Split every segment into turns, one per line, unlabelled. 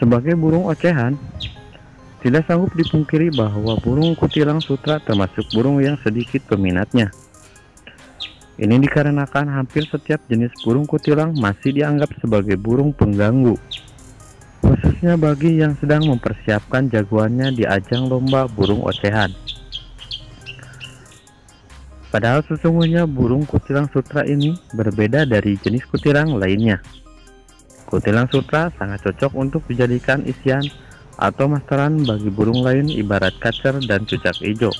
Sebagai burung ocehan, tidak sanggup dipungkiri bahwa burung kutilang sutra termasuk burung yang sedikit peminatnya. Ini dikarenakan hampir setiap jenis burung kutilang masih dianggap sebagai burung pengganggu, khususnya bagi yang sedang mempersiapkan jagoannya di ajang lomba burung ocehan. Padahal sesungguhnya burung kutilang sutra ini berbeda dari jenis kutilang lainnya. Kutilang sutra sangat cocok untuk dijadikan isian atau masteran bagi burung lain ibarat kacer dan cucak hijau.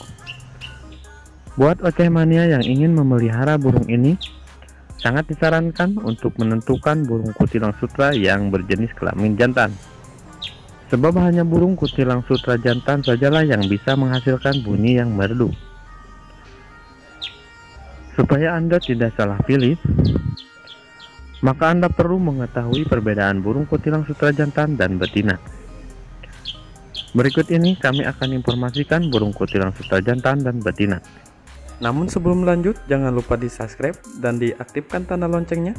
Buat oceh mania yang ingin memelihara burung ini, sangat disarankan untuk menentukan burung kutilang sutra yang berjenis kelamin jantan. Sebab hanya burung kutilang sutra jantan sajalah yang bisa menghasilkan bunyi yang merdu. Supaya Anda tidak salah pilih, maka Anda perlu mengetahui perbedaan burung kutilang sutra jantan dan betina. Berikut ini kami akan informasikan burung kutilang sutra jantan dan betina. Namun sebelum lanjut, jangan lupa di subscribe dan diaktifkan tanda loncengnya,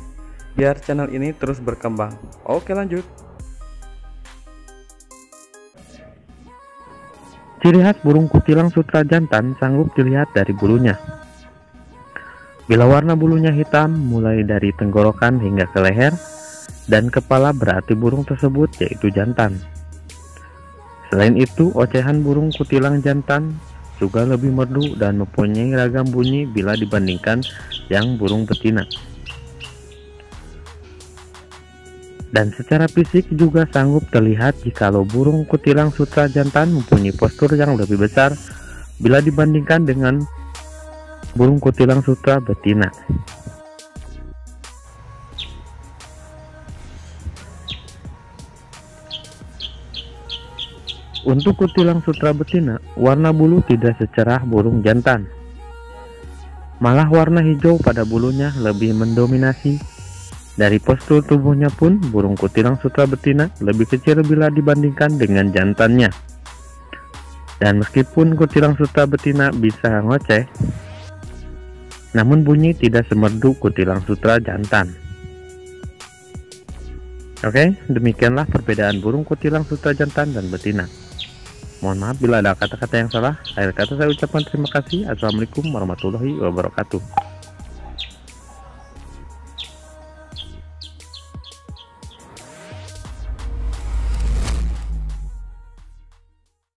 biar channel ini terus berkembang. Oke lanjut. Ciri khas burung kutilang sutra jantan sanggup dilihat dari bulunya, Bila warna bulunya hitam mulai dari tenggorokan hingga ke leher dan kepala berarti burung tersebut yaitu jantan. Selain itu, ocehan burung kutilang jantan juga lebih merdu dan mempunyai ragam bunyi bila dibandingkan yang burung betina. Dan secara fisik juga sanggup terlihat jikalau burung kutilang sutra jantan mempunyai postur yang lebih besar bila dibandingkan dengan burung kutilang sutra betina. Untuk kutilang sutra betina, warna bulu tidak secerah burung jantan. Malah warna hijau pada bulunya lebih mendominasi. Dari postur tubuhnya pun, burung kutilang sutra betina lebih kecil bila dibandingkan dengan jantannya. Dan meskipun kutilang sutra betina bisa ngoceh, namun bunyi tidak semerdu kutilang sutra jantan. Oke, demikianlah perbedaan burung kutilang sutra jantan dan betina. Mohon maaf bila ada kata-kata yang salah. Akhir kata saya ucapkan terima kasih. Assalamualaikum warahmatullahi wabarakatuh.